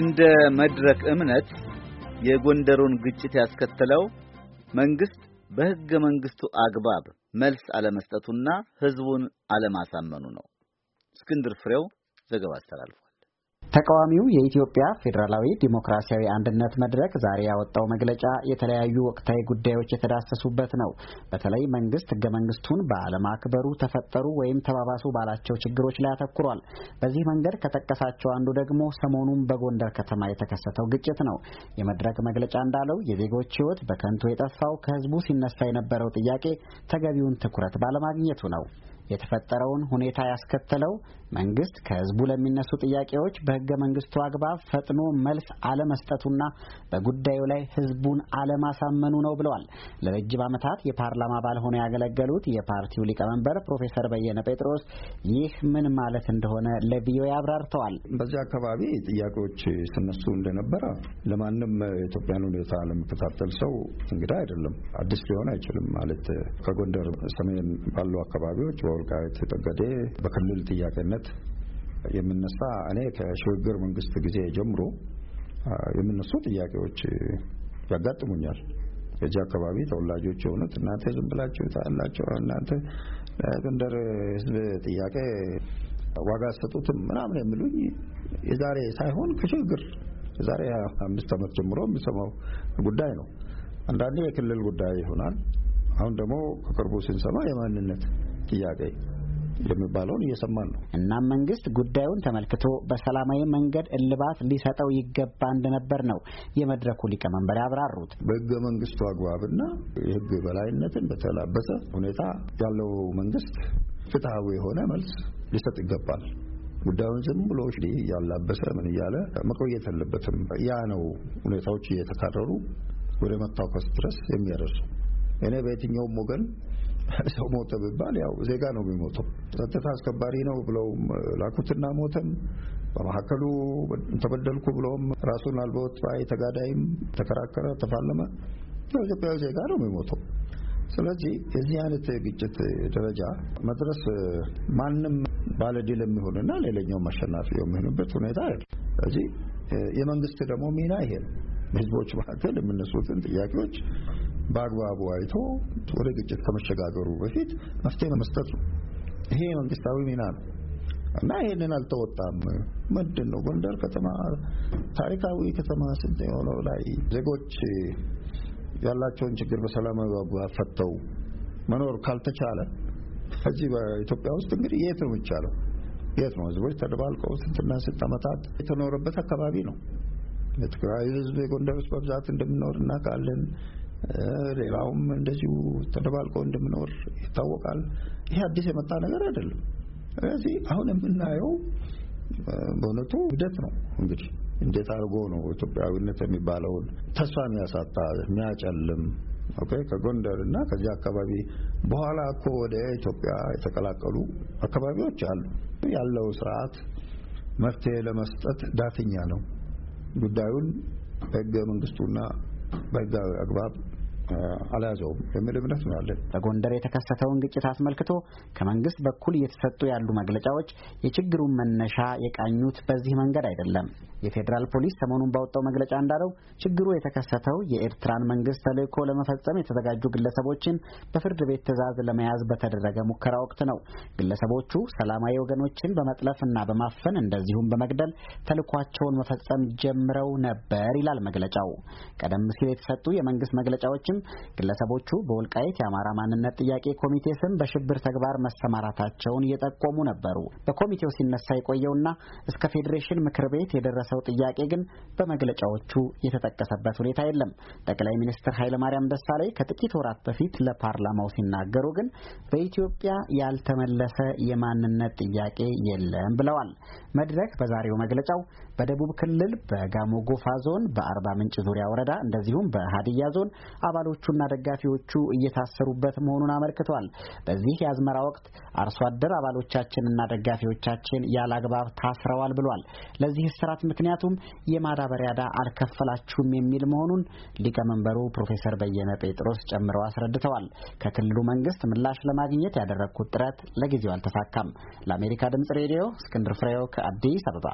እንደ መድረክ እምነት የጎንደሩን ግጭት ያስከተለው መንግስት በሕገ መንግስቱ አግባብ መልስ አለመስጠቱና ሕዝቡን አለማሳመኑ ነው። እስክንድር ፍሬው ዘገባ አስተላልፏል። ተቃዋሚው የኢትዮጵያ ፌዴራላዊ ዲሞክራሲያዊ አንድነት መድረክ ዛሬ ያወጣው መግለጫ የተለያዩ ወቅታዊ ጉዳዮች የተዳሰሱበት ነው። በተለይ መንግስት ህገ መንግስቱን ባለማክበሩ ተፈጠሩ ወይም ተባባሱ ባላቸው ችግሮች ላይ አተኩሯል። በዚህ መንገድ ከጠቀሳቸው አንዱ ደግሞ ሰሞኑን በጎንደር ከተማ የተከሰተው ግጭት ነው። የመድረክ መግለጫ እንዳለው የዜጎች ህይወት በከንቱ የጠፋው ከህዝቡ ሲነሳ የነበረው ጥያቄ ተገቢውን ትኩረት ባለማግኘቱ ነው። የተፈጠረውን ሁኔታ ያስከተለው መንግስት ከህዝቡ ለሚነሱ ጥያቄዎች በህገ መንግስቱ አግባብ ፈጥኖ መልስ አለመስጠቱና በጉዳዩ ላይ ህዝቡን አለማሳመኑ ነው ብለዋል። ለረጅም ዓመታት የፓርላማ አባል ሆነው ያገለገሉት የፓርቲው ሊቀመንበር ፕሮፌሰር በየነ ጴጥሮስ ይህ ምን ማለት እንደሆነ ለቪኦኤ አብራርተዋል። በዚህ አካባቢ ጥያቄዎች ስነሱ እንደነበረ ለማንም የኢትዮጵያን ሁኔታ ለሚከታተል ሰው እንግዳ አይደለም፣ አዲስ ሊሆን አይችልም። ማለት ከጎንደር ሰሜን ባሉ አካባቢዎች በወልቃይት ጠገዴ በክልል ጥያቄነት በዋናነት የምነሳ እኔ ከሽግግር መንግስት ጊዜ ጀምሮ የምነሱ ጥያቄዎች ያጋጥሙኛል። የዚህ አካባቢ ተወላጆች የሆኑት እናንተ ዝም ብላችሁ ታላችሁ፣ እናንተ ጎንደር ህዝብ ጥያቄ ዋጋ ሰጡትም ምናምን የሚሉኝ የዛሬ ሳይሆን ከሽግግር የዛሬ አምስት ዓመት ጀምሮ የምሰማው ጉዳይ ነው። አንዳንዴ የክልል ጉዳይ ይሆናል። አሁን ደግሞ ከቅርቡ ስንሰማ የማንነት ጥያቄ የሚባለውን እየሰማን ነው። እናም መንግስት ጉዳዩን ተመልክቶ በሰላማዊ መንገድ እልባት ሊሰጠው ይገባ እንደነበር ነው የመድረኩ ሊቀመንበር ያብራሩት። በህገ መንግስቱ አግባብና የህግ በላይነትን በተላበሰ ሁኔታ ያለው መንግስት ፍትሐዊ የሆነ መልስ ሊሰጥ ይገባል። ጉዳዩን ዝም ብሎ ያላበሰ ምን እያለ መቆየት የለበትም። ያ ነው ሁኔታዎች እየተካረሩ ወደ መታኮስ ድረስ የሚያደርሱ እኔ በየትኛውም ወገን ሰው ሞተ ቢባል ያው ዜጋ ነው የሚሞተው። ጸጥታ አስከባሪ ነው ብለው ላኩትና ሞተም፣ በመካከሉ ተበደልኩ ብለውም ራሱን አልቦት ባይ ተጋዳይም ተከራከረ፣ ተፋለመ። ያው ኢትዮጵያዊ ዜጋ ነው የሚሞተው። ስለዚህ የዚህ አይነት ግጭት ደረጃ መድረስ ማንም ባለድል የሚሆንና ሌላኛውም አሸናፊ የሚሆንበት ሁኔታ አይደል። ስለዚህ የመንግስት ደግሞ ሚና ይሄ ነው። በህዝቦች መካከል የሚነሱትን ጥያቄዎች በአግባቡ አይቶ ወደ ግጭት ከመሸጋገሩ በፊት መፍትሄ መስጠቱ ይሄ መንግስታዊ ሚና ነው እና ይሄንን አልተወጣም። ምንድን ነው ጎንደር ከተማ ታሪካዊ ከተማ ስንት የሆነው ላይ ዜጎች ያላቸውን ችግር በሰላማዊ አግባብ ፈተው መኖር ካልተቻለ ከዚህ በኢትዮጵያ ውስጥ እንግዲህ የት ነው የሚቻለው? የት ነው ህዝቦች ተደባልቀው ስንትና ስንት ዓመታት የተኖረበት አካባቢ ነው። የትግራይ ህዝብ የጎንደር ውስጥ በብዛት እንደሚኖር እናውቃለን። ሌላውም እንደዚሁ ተደባልቆ እንደምኖር ይታወቃል። ይሄ አዲስ የመጣ ነገር አይደለም። ስለዚህ አሁን የምናየው በእውነቱ ውደት ነው። እንግዲህ እንዴት አድርጎ ነው ኢትዮጵያዊነት የሚባለውን ተስፋ የሚያሳጣ የሚያጨልም ከጎንደር እና ከዚህ አካባቢ በኋላ እኮ ወደ ኢትዮጵያ የተቀላቀሉ አካባቢዎች አሉ። ያለው ስርዓት መፍትሄ ለመስጠት ዳተኛ ነው። ጉዳዩን በህገ መንግስቱና በህጋዊ አግባብ አልያዘውም የሚል እምነት ነው ያለን። በጎንደር የተከሰተውን ግጭት አስመልክቶ ከመንግስት በኩል እየተሰጡ ያሉ መግለጫዎች የችግሩን መነሻ የቃኙት በዚህ መንገድ አይደለም። የፌዴራል ፖሊስ ሰሞኑን ባወጣው መግለጫ እንዳለው ችግሩ የተከሰተው የኤርትራን መንግስት ተልዕኮ ለመፈጸም የተዘጋጁ ግለሰቦችን በፍርድ ቤት ትዕዛዝ ለመያዝ በተደረገ ሙከራ ወቅት ነው። ግለሰቦቹ ሰላማዊ ወገኖችን በመጥለፍ ና በማፈን እንደዚሁም በመግደል ተልኳቸውን መፈጸም ጀምረው ነበር ይላል መግለጫው። ቀደም ሲል የተሰጡ የመንግስት መግለጫዎችም ቢሆንም ግለሰቦቹ በወልቃይት የአማራ ማንነት ጥያቄ ኮሚቴ ስም በሽብር ተግባር መሰማራታቸውን እየጠቆሙ ነበሩ። በኮሚቴው ሲነሳ የቆየውና እስከ ፌዴሬሽን ምክር ቤት የደረሰው ጥያቄ ግን በመግለጫዎቹ የተጠቀሰበት ሁኔታ የለም። ጠቅላይ ሚኒስትር ኃይለማርያም ደሳለኝ ከጥቂት ወራት በፊት ለፓርላማው ሲናገሩ ግን በኢትዮጵያ ያልተመለሰ የማንነት ጥያቄ የለም ብለዋል። መድረክ በዛሬው መግለጫው በደቡብ ክልል በጋሞጎፋ ዞን፣ በአርባ ምንጭ ዙሪያ ወረዳ እንደዚሁም በሀዲያ ዞን አባሉ አባሎቹና ደጋፊዎቹ እየታሰሩበት መሆኑን አመልክቷል። በዚህ የአዝመራ ወቅት አርሶ አደር አባሎቻችንና ደጋፊዎቻችን ያለ አግባብ ታስረዋል ብሏል። ለዚህ እስራት ምክንያቱም የማዳበሪያ ዕዳ አልከፈላችሁም የሚል መሆኑን ሊቀመንበሩ ፕሮፌሰር በየነ ጴጥሮስ ጨምረው አስረድተዋል። ከክልሉ መንግስት ምላሽ ለማግኘት ያደረግኩት ጥረት ለጊዜው አልተሳካም። ለአሜሪካ ድምጽ ሬዲዮ እስክንድር ፍሬው ከአዲስ አበባ